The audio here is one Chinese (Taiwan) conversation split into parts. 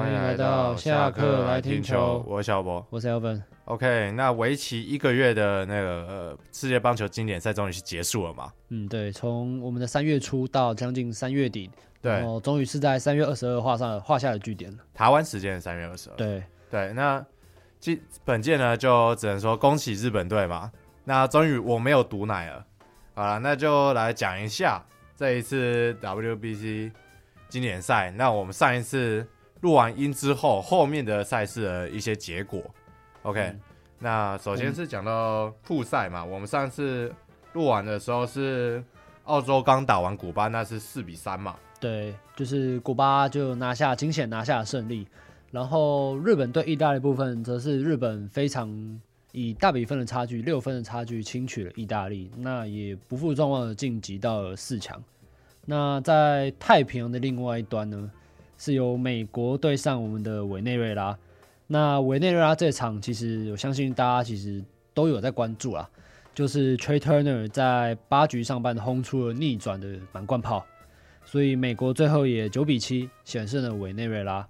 歡迎來到下課來聽球，聽球我是小博，我是 Alvin OK，那為期一個月的那個、呃、世界棒球經典賽，終於是結束了嘛？嗯，對，從我們的三月初到將近三月底，對，終於是在三月二十二畫上畫下了句點了。台灣時間是三月二十二，對對。那今本屆呢，就只能說恭喜日本隊嘛。那終於我沒有毒奶了。好了，那就來講一下這一次 WBC 經典賽。那我們上一次。錄完音之後，後面的賽事的一些結果。OK，嗯，那首先是講到複賽嘛，嗯，我們上次錄完的時候是澳洲剛打完古巴，那是四比三嘛。對，就是古巴就拿下驚險拿下了勝利，然後日本對意大利部分則是日本非常以大比分的差距，六分的差距輕取了意大利，那也不負眾望的晉級到了四強。那在太平洋的另外一端呢？是由美國對上我們的委內瑞拉，那委內瑞拉這場其實我相信大家其實都有在關注啦，就是 Trey Turner 在八局上半轟出了逆轉的滿貫炮，所以美國最後也九比七險勝了委內瑞拉。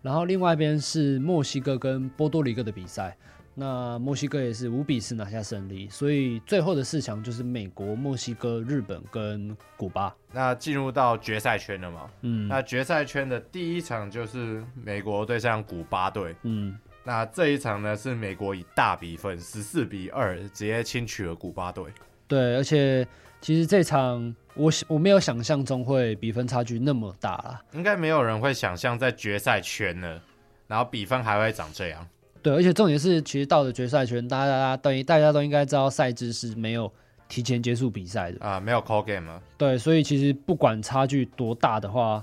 然後另外一邊是墨西哥跟波多黎各的比賽。那墨西哥也是五比四拿下勝利，所以最後的四強就是美國、墨西哥、日本跟古巴。那進入到決賽圈了嘛。嗯。那決賽圈的第一場就是美國對上古巴隊。嗯。那這一場呢，是美國以大比分十四比二直接輕取了古巴隊。對，而且其實這場我我沒有想象中會比分差距那麼大了啊。應該沒有人會想象在決賽圈呢，然後比分還會長這樣。對，而且重點是，其實到了決賽圈，大家、大家、都大家都應該知道賽制是沒有提前結束比賽的啊，沒有 call game 啊。對，所以其實不管差距多大的話，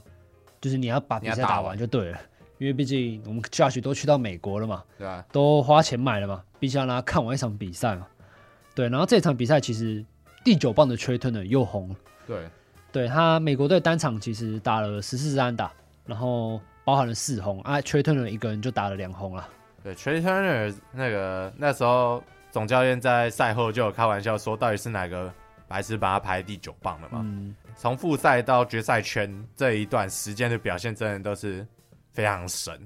就是你要把比賽打完就對了，因為畢竟我們下去都去到美國了嘛，對啊，都花錢買了嘛，必須要讓他看完一場比賽嘛。對，然後這場比賽其實第九棒的 Trea Turner 又轟了。對，對，他美國隊單場其實打了十四支安打，然後包含了四轟啊，Trea Turner 一個人就打了兩轟了。對，Trea Turner 那個那時候總教練在賽後就有開玩笑說，到底是哪個白痴把他排第九棒了嘛？從複賽到決賽圈這一段時間的表現，真的都是非常神，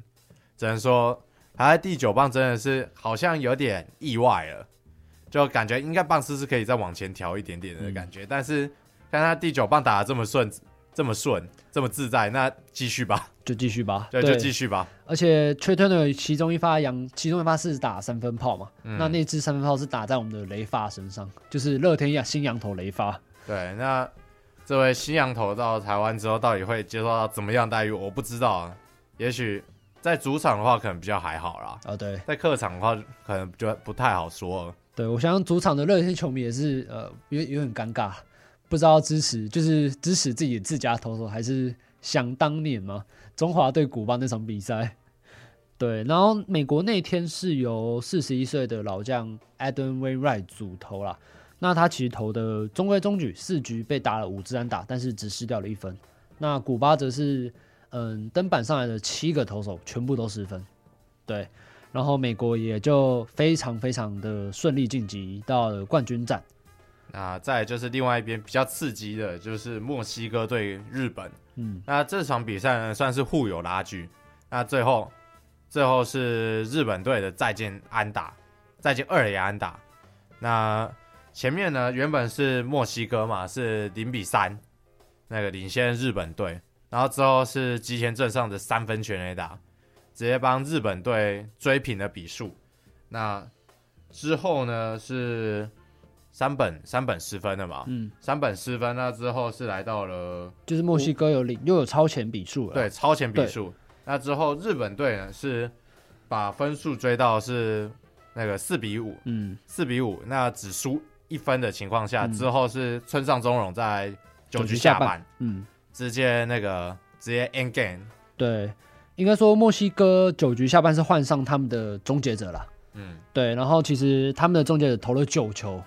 只能說排在第九棒真的是好像有點意外了，就感覺應該棒次是可以再往前調一點點的感覺，嗯、但是看他第九棒打得這麼順。這麼順，這麼自在，那繼續吧，就繼續吧，對，對就繼續吧。而且 Trea Turner 的其中一發，其中一發是打三分炮嘛，嗯、那那支三分炮是打在我們的雷發身上，就是樂天新洋投雷發。對，那這位新洋投到台灣之後，到底會接受到怎麼樣待遇，我不知道啊。也許在主場的話，可能比較還好啦。啊，呃、對，在客場的話，可能就不太好說了。對，我想主場的樂天球迷也是，呃，有有點尷尬。不知道支持就是支持自己自家投手，還是想當年嘛。中華對古巴那場比賽，對，然後美國那天是由四十一歲的老將 Adam Wainwright 主投了，那他其實投的中規中矩，四局被打了五支安打，但是只失掉了一分。那古巴則是，嗯，登板上來的七個投手全部都失分，對，然後美國也就非常非常的順利晉級到了冠軍戰。啊，再就是另外一邊比較刺激的，就是墨西哥對日本。嗯，那這場比賽呢算是互有拉鋸。那最後，最後是日本隊的再見安打，再見二壘安打。那前面呢，原本是墨西哥嘛，是零比三那個領先日本隊，然後之後是吉田正尚的三分全壘打，直接幫日本隊追平了比數。那之後呢是。三本三本失分的嘛？嗯，三本失分，那、嗯、之後是來到了，就是墨西哥有領、哦、又有超前比數了。對，超前比數。對那之後日本隊呢是把分數追到是那個四比五，嗯，四比五，那只輸一分的情況下，嗯、之後是村上宗隆在九局下半，嗯，直接那個直接 end game。對，應該說墨西哥九局下半是換上他們的終結者了。嗯，對，然後其實他們的終結者投了九球。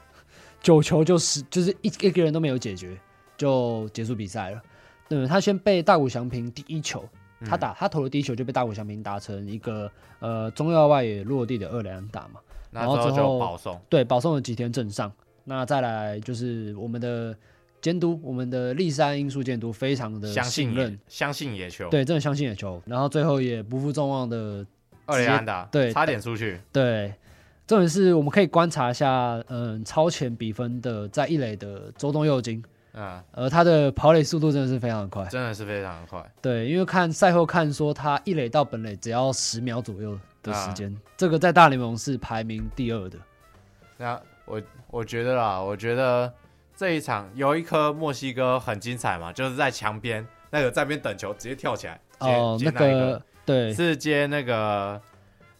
九球就是就是一一個人都沒有解決，就結束比賽了。對、嗯，他先被大谷翔平第一球，他打他投的第一球就被大谷翔平打成一個呃中腰外野落地的二壘打嘛。然後這就保送後後。對，保送了吉田正尚。那再來就是我們的監督，我們的栗山英樹監督非常的信任，相信，也相信野球，對，真的相信野球。然後最後也不負眾望的二壘打，對，差點出去，對。重點是我們可以觀察一下，嗯，超前比分的在一壘的周東佑京，啊，而他的跑壘速度真的是非常快，真的是非常的快，對，因為看賽後看說他一壘到本壘只要十秒左右的時間，啊、這個在大聯盟是排名第二的。那、啊、我我覺得啦，我覺得這一場有一顆墨西哥很精彩嘛，就是在牆邊那個在邊等球直接跳起來，接哦，接那個、那個、對，是接那個。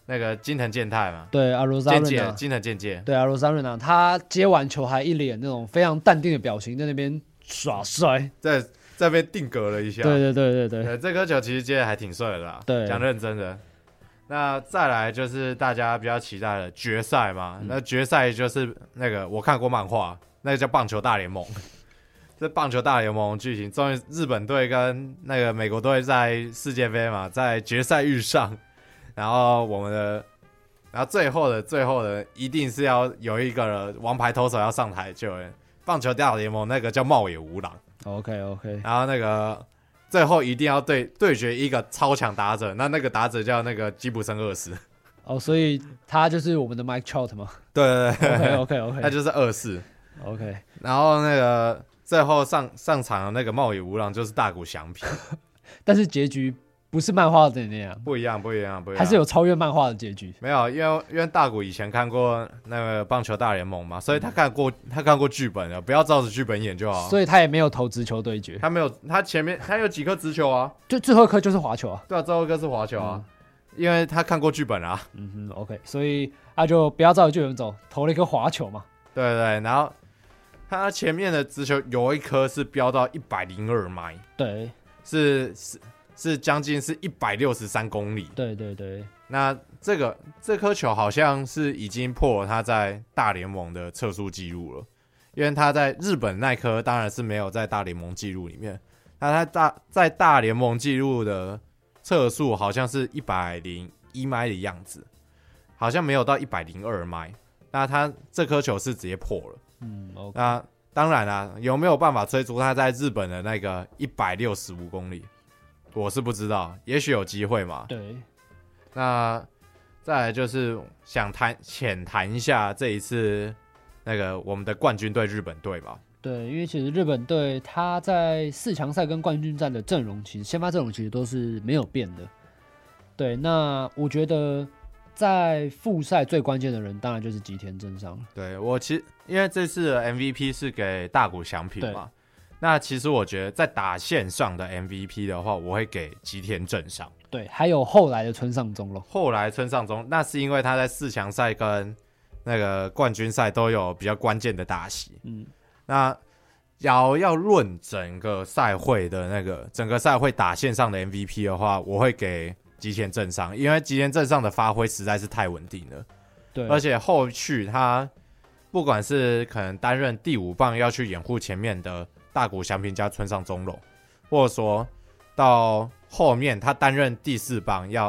那個金藤健太嘛，對阿羅薩瑞娜，健介，金藤健介，對阿羅薩瑞娜，他接完球還一臉那種非常淡定的表情，在那邊耍帥，在在被定格了一下。對，對對對對對，對這顆球其實接的還挺帥的啦。對，講認真的。那再來就是大家比較期待的決賽嘛，嗯、那決賽就是那個我看過漫畫，那個叫《棒球大聯盟》。 這棒球大聯盟劇情，終於日本隊跟那個美國隊在世界杯嘛，在決賽遇上。然後我們的，然後最後的最後的，一定是要有一個王牌投手要上台救援，棒球大聯盟那個叫茂野吾郎。OK OK。然後那個最後一定要對對決一個超強打者，那那個打者叫那個吉普森二世。哦，oh, 所以他就是我們的 Mike Trout 嗎？ 對對對，對。OK OK 那、okay. 就是二世。OK。然後那個最後上上場的那個茂野吾郎就是大谷翔平。 但是結局。不是漫畫的那樣，不一樣，不一樣，不一樣，還是有超越漫畫的結局。沒有，因為因為大谷以前看過那個棒球大聯盟嘛，所以他看過、嗯、他看過劇本了，不要照着劇本演就好。所以他也沒有投直球對決，他沒有，他前面他有幾顆直球啊， 就最後一顆就是滑球啊。對啊，最後一顆是滑球啊，嗯、因為他看過劇本啊。嗯哼，OK，所以他、啊、就不要照着劇本走，投了一顆滑球嘛。對，對對，然後他前面的直球有一顆是飆到一百零二邁。對，是是。是是將近是一百六十三公里。對對對，那這個這顆球好像是已經破了他在大聯盟的測速記錄了，因為他在日本那顆當然是沒有在大聯盟記錄裡面，那他大在大聯盟記錄的測速好像是一百零一邁的樣子，好像沒有到一百零二邁，那他這顆球是直接破了。嗯，okay，那當然啦，啊，有沒有辦法追逐他在日本的那個一百六十五公里？我是不知道，也許有機會嘛。對，那再來就是想談淺談一下這一次那個我們的冠軍隊日本隊吧。對，因為其實日本隊他在四強賽跟冠軍戰的陣容，其實先發陣容其實都是沒有變的。對，那我覺得在複賽最關鍵的人，當然就是吉田正尚了。對，我其實因為這次的 MVP 是給大谷翔平嘛。那其實我覺得，在打線上的 MVP 的話，我會給吉田正尚。對，還有後來的村上宗隆。後來村上宗，那是因為他在四強賽跟那個冠軍賽都有比較關鍵的打席。嗯。那要要論整個賽會的那個整個賽會打線上的 MVP 的話，我會給吉田正尚，因為吉田正尚的發揮實在是太穩定了。對，而且後續他不管是可能擔任第五棒要去掩護前面的。大谷翔平加村上宗隆，或者說到後面他擔任第四棒要，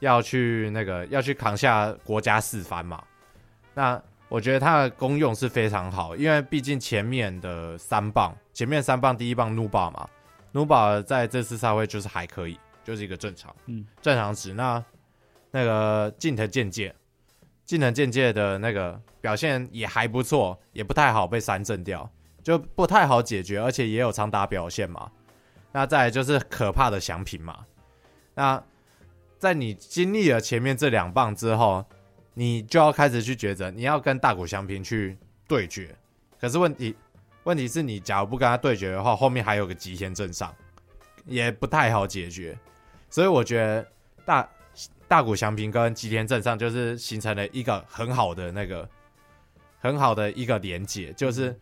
要要去那個要去扛下國家四番嘛？那我覺得他的功用是非常好，因為畢竟前面的三棒，前面三棒第一棒努巴嘛，努巴在這次賽會就是還可以，就是一個正常，嗯，正常值。那那個近藤健介，近藤健介的那個表現也還不錯，也不太好被三振掉。就不太好解決，而且也有長打表現嘛。那再來就是可怕的翔平嘛。那在你經歷了前面這兩棒之後，你就要開始去抉擇，你要跟大谷翔平去對決。可是問題問題是你假如不跟他對決的話，後面還有個吉田正尚，也不太好解決。所以我覺得大大谷翔平跟吉田正尚就是形成了一個很好的那個很好的一個連結，就是。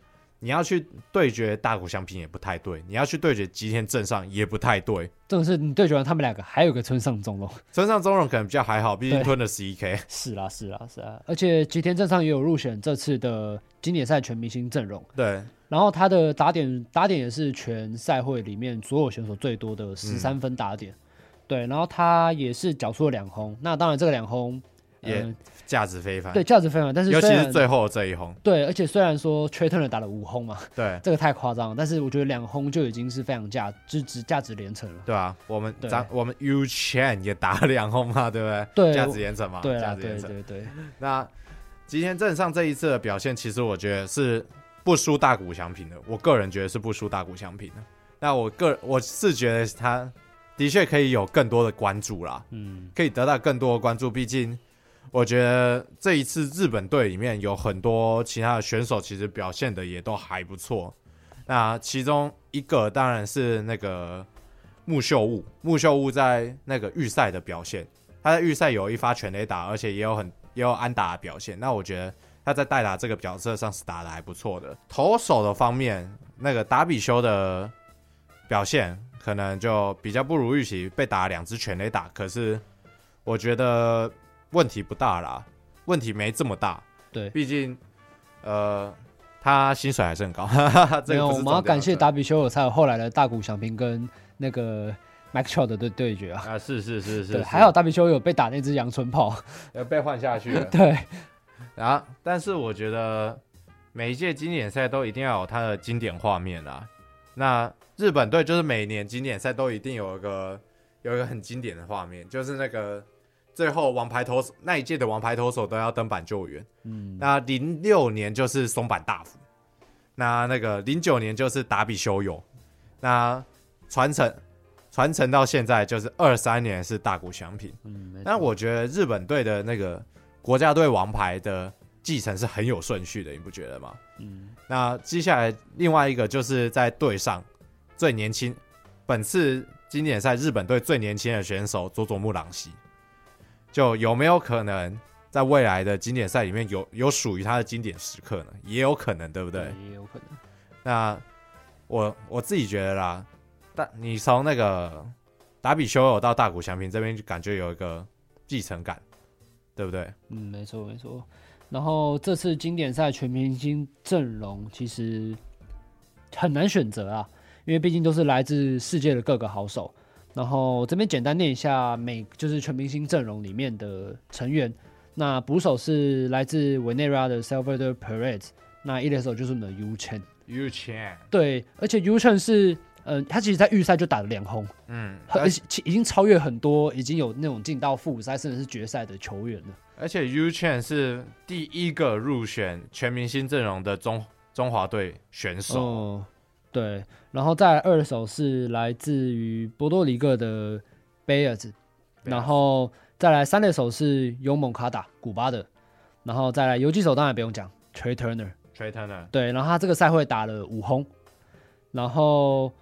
你要去對決大谷翔平也不太對，你要去對決吉田正尚也不太對。真的是你對決完他們兩個，還有個村上宗隆，村上宗隆可能比較還好，畢竟吞了十一 K。是啦是啦是啦，是啦，而且吉田正尚也有入選這次的經典賽全明星陣容。對，然後他的打點打點也是全賽會裡面所有選手最多的十三分打點。嗯、對，然後他也是繳出了兩轟。那當然，這個兩轟。也價值非凡，嗯、對，價值非凡。但是尤其是最後的這一轟，對，而且雖然說 t 特人打了五轟嘛，對，這個太誇張了。但是我覺得兩轟就已經是非常價，就值價值連城了，對啊，我們咱，對我們、y、U Chen 也打了兩轟嘛，對不對？價對值連城嘛，對啊，值對，對對對。那今天鎮上這一次的表現，其實我覺得是不輸大股翔平的。我個人覺得是不輸大股翔平的。那我個我是覺得他的確可以有更多的關注啦，嗯，可以得到更多的關注，畢竟。我覺得這一次日本隊裡面有很多其他的選手，其實表現的也都還不錯。那其中一個當然是那個牧秀悟，牧秀悟在那個預賽的表現，他在預賽有一發全壘打，而且也有很也有安打的表現。那我覺得他在代打這個角色上是打得還不錯的。投手的方面，那個達比修的表現可能就比較不如預期，被打兩支全壘打。可是我覺得。問題不大啦，問題沒這麼大。對，畢竟，呃，他薪水還是很高。呵呵沒有，這個我們要感謝達比修有，才有後來的大谷翔平跟那個 Mike Trout 的對決啊！啊、呃，是是是是，還好達比修有被打那隻陽春砲，被換下去了。 對，啊，但是我覺得每一屆經典賽都一定要有他的經典畫面啦。那日本隊就是每年經典賽都一定有一個有一個很經典的畫面，就是那個。最後，王牌投手那一屆的王牌投手都要登板救援。嗯，那零六年就是松坂大輔，那那個零九年就是達比修有，那傳承傳承到現在，就是二三年是大谷翔平。嗯，那我覺得日本隊的那個國家隊王牌的繼承是很有順序的，你不覺得嗎？嗯，那接下來另外一個就是在隊上最年輕，本次經典賽日本隊最年輕的選手佐佐木朗希。就有沒有可能在未來的經典賽裡面有有屬於他的經典時刻呢？也有可能，對不對？也有可能。那我我自己覺得啦，但、嗯、你從那個達比修有到大谷翔平這邊，就感覺有一個繼承感，對不對？嗯，沒錯沒錯。然後這次經典賽全明星陣容其實很難選擇啊，因為畢竟都是來自世界的各個好手。然後這邊簡單念一下，每就是全明星陣容裡面的成員。那捕手是來自委內瑞拉的 Salvador Perez，那一壘手就是我們的、y、U Chen。U You Chen。對，而且、y、U Chen 是，嗯、呃，他其實，在預賽就打了兩轟，嗯，而且其已經超越很多已經有那種進到複賽甚至是決賽的球員了。而且、y、U Chen 是第一個入選全明星陣容的中中華隊選手。嗯對，然後再來二壘手是來自於波多黎各的 Baez Baez. 然後再來三壘手是勇猛卡打，古巴的，然後再來游擊手當然不用講，Trea Turner，Trea Turner，, Trea Turner. 對，然後他這個賽會打了五轟，然後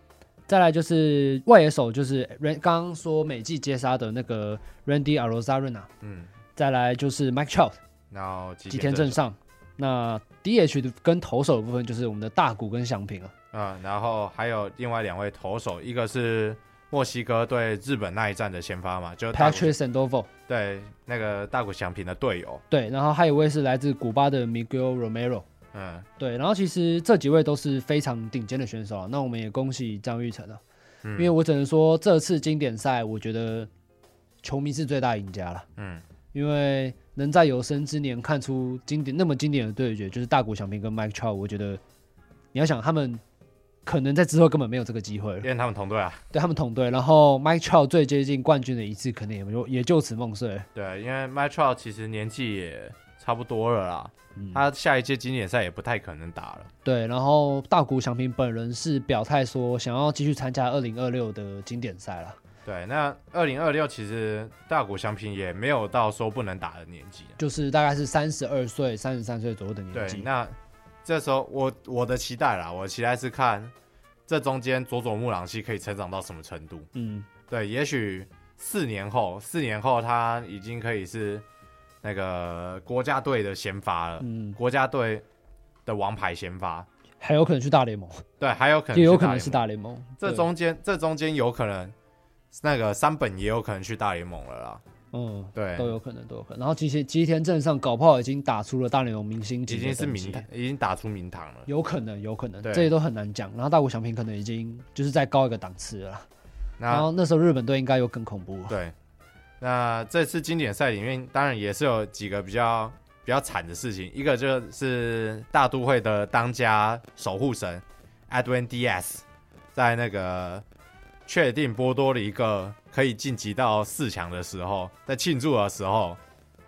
再來就是外野手就是剛剛說美技接殺的那個 Randy Arozarena，嗯，再來就是 Mike Trout 然後幾天正上，那 DH 跟投手的部分就是我們的大谷跟翔平了、啊。嗯，然後還有另外兩位投手，一個是墨西哥對日本那一戰的先發嘛，就是他 Patrick Sandoval，對那個大谷翔平的隊友。對，然後還有一位是來自古巴的 Miguel Romero。嗯，對，然後其實這幾位都是非常頂尖的選手啊。那我們也恭喜張玉成啊，嗯、因為我只能說這次經典賽，我覺得球迷是最大贏家了。嗯，因為能在有生之年看出經典那麼經典的對決，就是大谷翔平跟 Mike Trout，我覺得你要想他們。可能在之後根本沒有這個機會了，因為他們同隊啊。對，對他們同隊。然後 Mike Trout 最接近冠軍的一次，可能也就也就此夢碎。對，因為 Mike Trout 其實年紀也差不多了啦，嗯、他下一屆經典賽也不太可能打了。對，然後大谷翔平本人是表態說想要繼續參加二零二六的經典賽啦。對，那二零二六其實大谷翔平也沒有到說不能打的年紀，就是大概是三十二歲、三十三歲左右的年紀。對，那。這時候我我的期待啦，我的期待是看這中間佐佐木朗希可以成長到什麼程度。嗯，對，也許四年後，四年後他已經可以是那個國家隊的先發了，嗯，國家隊的王牌先發還，還有可能去大聯盟。對，還有可能，也有可能是大聯盟。這中間，對這中間有可能那個三本也有可能去大聯盟了啦。嗯，對，都有可能，都有可能。然後吉吉田正尚搞不好已經打出了大聯盟明星級的已經是名堂，已經打出名堂了。有可能，有可能，對，這些都很難講。然後大谷翔平可能已經就是再高一個檔次了。那然後那時候日本隊應該又更恐怖。對，那這次經典賽裡面當然也是有幾個比較比較慘的事情，一個就是大都會的當家守護神 Edwin Diaz 在那個。確定波多的一個可以晉級到四強的時候，在慶祝的時候，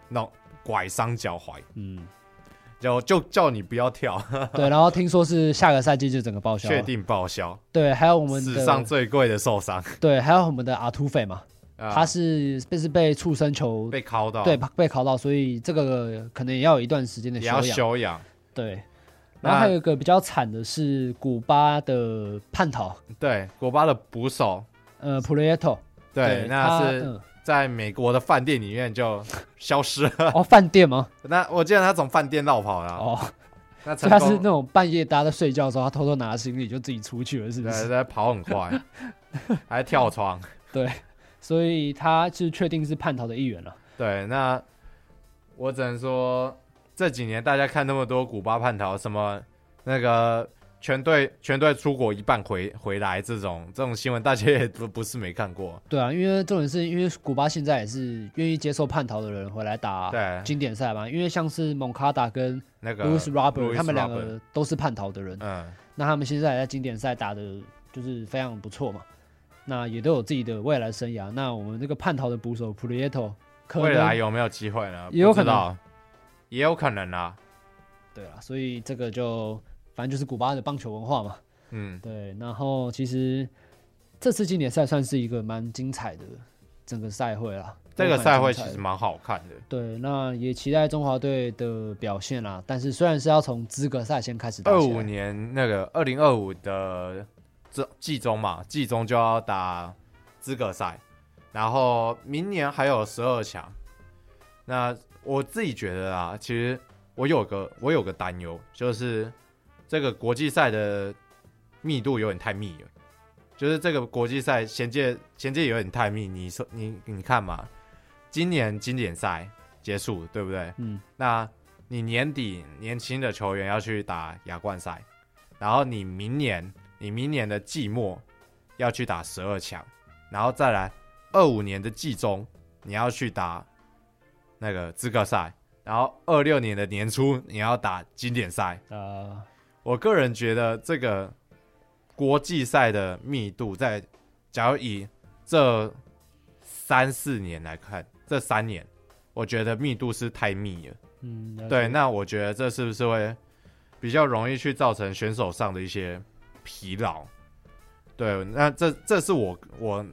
那，拐傷腳踝，嗯，就就叫你不要跳、嗯。 對，然後聽說是下個賽季就整個報銷。確定報銷。對，還有我們史上最貴的受傷。對，還有我們的阿土匪嘛，嗯、他是就是被畜生球被烤到，對，被拷到，所以這個可能也要有一段時間的休養。要休對。那然後還有一個比較慘的是古巴的叛逃，對，古巴的捕手，呃，普雷耶托，對，他那是在美國的飯店裡面就消失了。哦，飯店嗎？那我記得他從飯店落跑了。哦，那他是那種半夜大家在睡覺的時候，他偷偷拿行李就自己出去了，是不是？對，在跑很快， 還在跳窗。對，所以他是確定是叛逃的一員了。對，那我只能說。這幾年大家看那麼多古巴叛逃，什麼那個全隊全隊出國一半回回來這種這種新聞，大家也不不是沒看過。對啊，因為重點是因為古巴現在也是願意接受叛逃的人回來打經典賽嘛。對因為像是蒙卡達跟那個 Bruce o b b e r 他們兩個都是叛逃的人，嗯、那他們現在在經典賽打的就是非常不錯嘛。那也都有自己的未來生涯。那我們這個叛逃的捕手普列托，未來有沒有機會呢？也有可能。也有可能啊，對啊，所以這個就反正就是古巴的棒球文化嘛，嗯，對。然後其實這次經典賽算是一個蠻精彩的整個賽會啦，這個賽會其實蠻好看的。對，那也期待中華隊的表現啦。但是雖然是要從資格賽先開始，二五年那個二零二五的季中嘛，季中就要打資格賽，然後明年還有十二強，那。我自己覺得啊，其實我有個我有個擔憂，就是這個國際賽的密度有點太密了，就是這個國際賽銜接銜接有點太密。你說你你看嘛，今年經典賽結束對不對？嗯，那你年底年輕的球員要去打亞冠賽，然後你明年你明年的季末要去打十二強，然後再來二五年的季中你要去打。那個資格賽，然後二六年的年初你要打經典賽。Uh，我個人覺得這個國際賽的密度在，在假如以這三四年來看，這三年我覺得密度是太密了。嗯，對，那我覺得這是不是會比較容易去造成選手上的一些疲勞？對，那這這是我我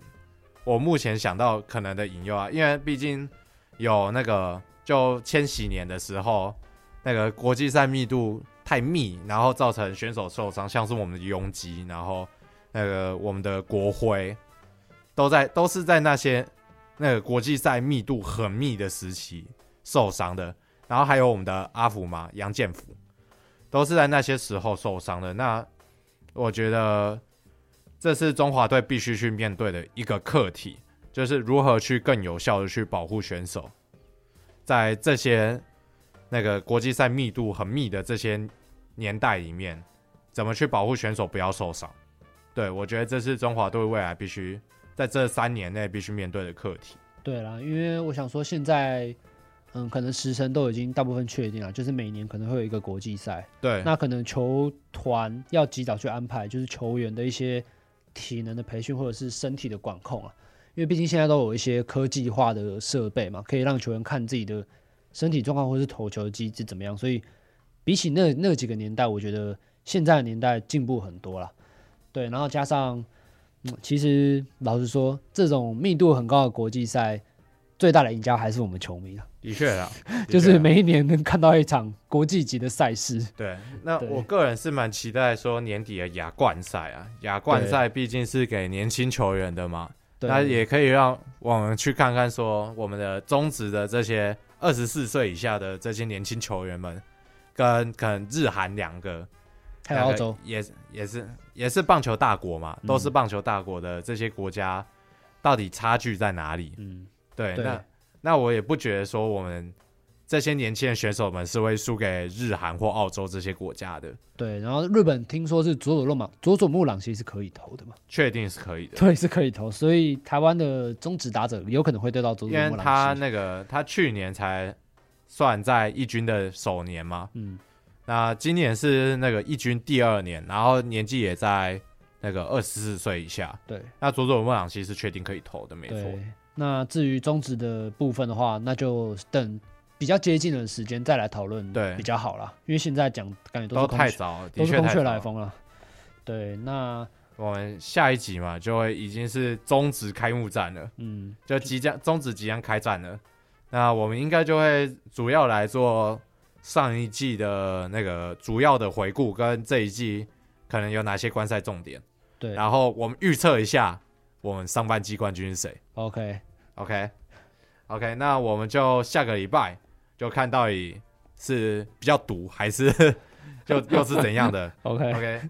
我目前想到可能的隱憂啊，因為畢竟。有那個就千禧年的時候，那個國際賽密度太密，然後造成選手受傷，像是我們的勇志，然後那個我們的國徽都在都是在那些那個國際賽密度很密的時期受傷的，然後還有我們的阿福嘛，陽建福都是在那些時候受傷的。那我覺得這是中華隊必須去面對的一個課題。就是如何去更有效地去保護選手，在這些那個國際賽密度很密的這些年代裡面，怎麼去保護選手不要受傷？對，我覺得這是中華隊未來必須在這三年內必須面對的課題。對啦，因為我想說，現在嗯，可能時程都已經大部分確定了，就是每年可能會有一個國際賽。對，那可能球團要及早去安排，就是球員的一些體能的培訓或者是身體的管控啊。因為畢竟現在都有一些科技化的設備嘛，可以讓球員看自己的身體狀況或是投球機制怎麼樣，所以比起那那幾個年代，我覺得現在的年代進步很多了。對，然後加上，嗯，其實老實說，這種密度很高的國際賽，最大的贏家還是我們球迷啊。的確啊， 就是每一年能看到一場國際級的賽事。對，那我個人是蠻期待說年底的亞冠賽啊，亞對冠賽畢竟是給年輕球員的嘛。對那也可以讓我們去看看，說我們的中職的這些二十四歲以下的這些年輕球員們，跟可能日韓兩個，還有澳洲，也是也是也是棒球大國嘛，嗯、都是棒球大國的這些國家，到底差距在哪裡？嗯，對，對那那我也不覺得說我們。這些年輕的選手們是會輸給日韓或澳洲這些國家的。對，然後日本聽說是佐佐木朗馬、佐佐木朗希是可以投的嘛？確定是可以的。對，是可以投。所以台灣的中職打者有可能會對到佐佐木朗希。因為他那個他去年才算在一軍的首年嘛，嗯，那今年是那個一軍第二年，然後年紀也在那個二十四歲以下。對，那佐佐木朗希是確定可以投的，沒錯。那至於中職的部分的話，那就等。比較接近的時間再來討論，對，比較好了，對因為現在講感覺都,都太早，的都是空穴來風了。了對，那我們下一集嘛，就會已經是終止開幕戰了，嗯，就即將終就止即將開戰了。那我們應該就會主要來做上一季的那個主要的回顧，跟這一季可能有哪些觀賽重點。對，然後我們預測一下我們上半季冠軍是誰。OK，OK，OK，Okay.、okay? okay, 那我們就下個禮拜。就看到底是比較毒，還是就又，就是怎樣的 ？OK OK，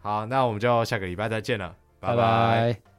好，那我們就下個禮拜再見了，拜拜。拜拜。